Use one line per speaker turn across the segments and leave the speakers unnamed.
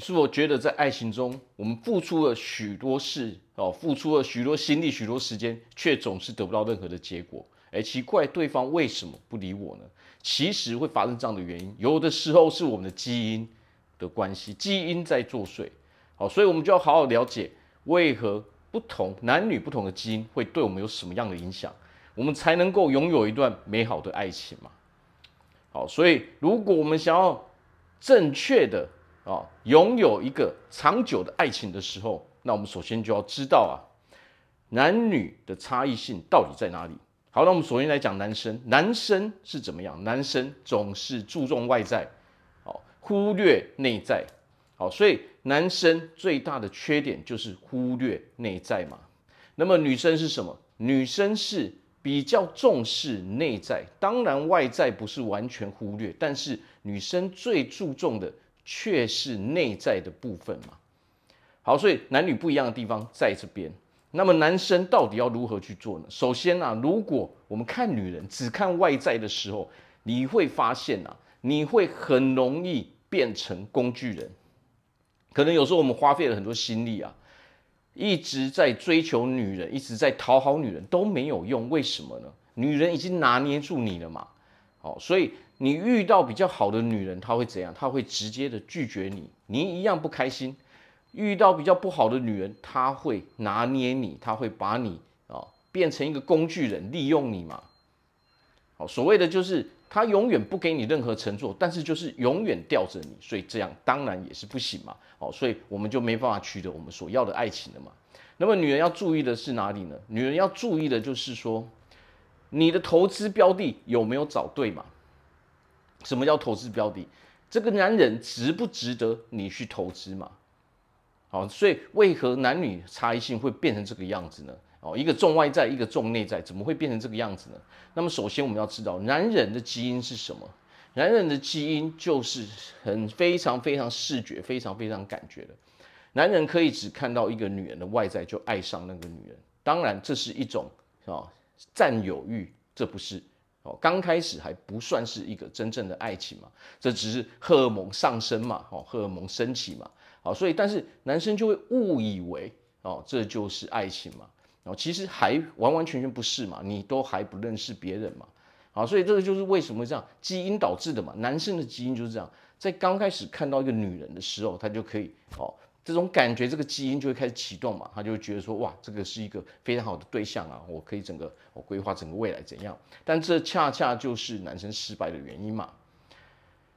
是否覺得在愛情中，我們付出了許多事哦，付出了許多心力、許多時間，卻總是得不到任何的結果？哎，奇怪，對方為什麼不理我呢？其實會發生這樣的原因，有的時候是我們的基因的關係，基因在作祟。好，所以我們就要好好了解為何不同男女不同的基因會對我們有什麼樣的影響，我們才能夠擁有一段美好的愛情嘛。好，所以如果我們想要正確的。啊，擁有一個長久的愛情的時候，那我們首先就要知道啊，男女的差異性到底在哪裡？好，那我們首先來講男生，男生是怎麼樣？男生總是注重外在，好、哦，忽略內在，好，所以男生最大的缺點就是忽略內在嘛。那麼女生是什麼？女生是比較重視內在，當然外在不是完全忽略，但是女生最注重的。卻是內在的部分嘛。好，所以男女不一樣的地方在這邊。那麼男生到底要如何去做呢？首先啊，如果我們看女人只看外在的時候，你會發現啊，你會很容易變成工具人。可能有時候我們花費了很多心力啊，一直在追求女人，一直在討好女人，都沒有用。為什麼呢？女人已經拿捏住你了嘛。哦，所以你遇到比較好的女人，她會怎樣？她會直接的拒絕你，你一樣不開心。遇到比較不好的女人，她會拿捏你，她會把你啊、哦、變成一個工具人，利用你嘛。好、哦，所謂的就是她永遠不給你任何承諾，但是就是永遠吊着你，所以這樣當然也是不行嘛。哦，所以我們就沒辦法取得我們所要的愛情了嘛。那麼女人要注意的是哪裡呢？女人要注意的就是說。你的投資標的有沒有找對嘛？什麼叫投資標的？這個男人值不值得你去投資嘛？好，所以為何男女差異性會變成這個樣子呢？哦，一個重外在，一個重內在，怎麼會變成這個樣子呢？那麼首先我們要知道，男人的基因是什麼？男人的基因就是很非常非常視覺，非常非常感覺的。男人可以只看到一個女人的外在就愛上那個女人，當然這是一種啊。是吧？佔有欲，這不是哦，剛開始還不算是一個真正的愛情嘛，這只是荷爾蒙上升嘛，哦，荷爾蒙升起嘛，好，哦，所以但是男生就會誤以為哦，這就是愛情嘛，哦，其實還完完全全不是嘛，你都還不認識別人嘛，好，哦，所以這個就是為什麼這樣基因導致的嘛，男生的基因就是這樣，在剛開始看到一個女人的時候，他就可以哦。這種感覺，這個基因就會開始啟動嘛，他就會覺得說，哇，這個是一個非常好的對象啊，我可以整個我規劃整個未來怎樣？但這恰恰就是男生失敗的原因嘛。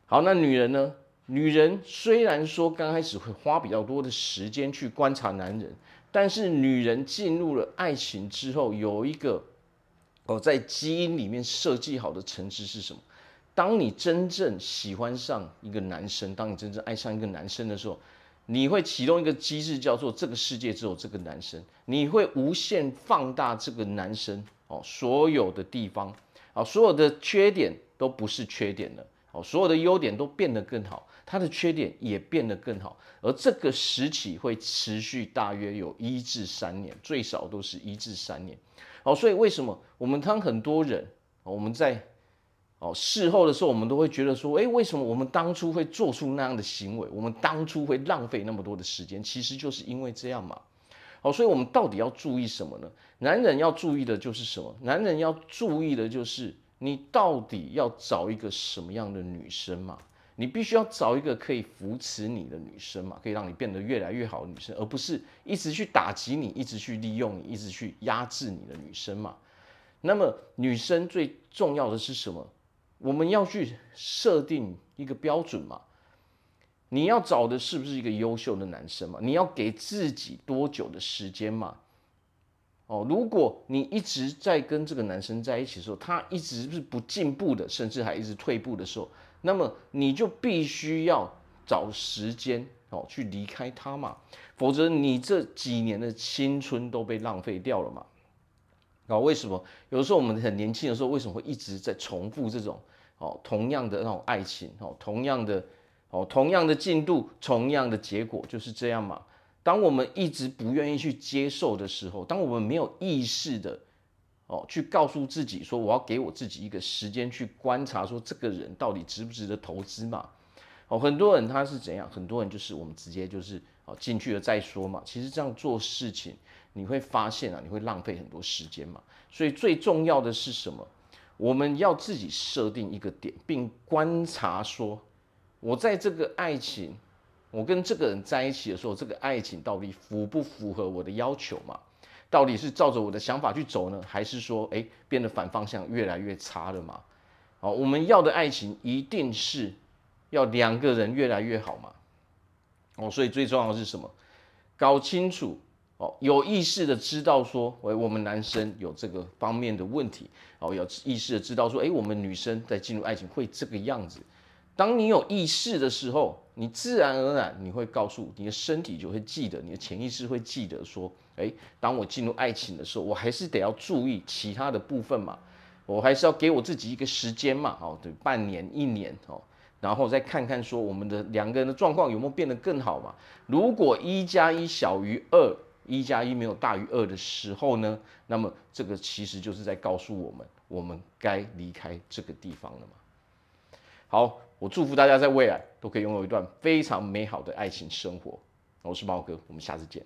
好，那女人呢？女人雖然說剛開始會花比較多的時間去觀察男人，但是女人進入了愛情之後，有一個哦，在基因裡面設計好的程式是什麼？當你真正喜歡上一個男生，當你真正愛上一個男生的時候。你會啟動一個機制，叫做這個世界只有這個男生，你會無限放大這個男生哦，所有的地方，啊，所有的缺點都不是缺點了，哦，所有的優點都變得更好，他的缺點也變得更好，而這個時期會持續大約有一至三年，最少都是一至三年，好，所以為什麼我們當很多人，我們在。哦，事後的時候，我們都會覺得說，誒、欸，為什麼我們當初會做出那樣的行為？我們當初會浪費那麼多的時間，其實就是因為這樣嘛。好、哦，所以我們到底要注意什麼呢？男人要注意的就是什麼？男人要注意的就是你到底要找一個什麼樣的女生嘛？你必須要找一個可以扶持你的女生嘛，可以讓你變得越來越好的女生，而不是一直去打擊你，一直去利用你，一直去壓制你的女生嘛。那麼，女生最重要的是什麼？我們要去設定一個標準嘛？你要找的是不是一個優秀的男生嘛？你要給自己多久的時間嘛？哦，如果你一直在跟這個男生在一起的時候，他一直是不進步的，甚至還一直退步的時候，那麼你就必須要找時間哦，去離開他嘛，否則你這幾年的青春都被浪費掉了嘛。那、哦、為什麼有的時候我們很年輕的時候，為什麼會一直在重複這種哦同樣的那種愛情哦同樣的哦同樣的進度同樣的結果，就是這樣嘛？當我們一直不願意去接受的時候，當我們沒有意識的哦去告訴自己說，我要給我自己一個時間去觀察說，這個人到底值不值得投資嘛？哦，很多人他是怎樣？很多人就是我們直接就是。好，進去了再說嘛。其實這樣做事情，你會發現啊，你會浪費很多時間嘛。所以最重要的是什麼？我們要自己設定一個點，並觀察說，我在這個愛情，我跟這個人在一起的時候，這個愛情到底符不符合我的要求嘛？到底是照着我的想法去走呢，還是說，欸，變得反方向越來越差了嘛？好，我們要的愛情一定是要兩個人越來越好嘛。哦，所以最重要的是什麼？搞清楚哦，有意識的知道說，喂，我們男生有這個方面的問題，哦，有意識的知道說，誒，我們女生在進入愛情會這個樣子。當你有意識的時候，你自然而然你會告訴你的身體就會記得，你的潛意識會記得說，誒，當我進入愛情的時候，我還是得要注意其他的部分嘛，我還是要給我自己一個時間嘛，哦，對，半年一年哦。然後再看看說我們的兩個人的狀況有沒有變得更好嘛？如果一加一小於二，一加一沒有大於二的時候呢？那麼這個其實就是在告訴我們，我們該離開這個地方了嘛。好，我祝福大家在未來都可以擁有一段非常美好的愛情生活。我是貓哥，我們下次見。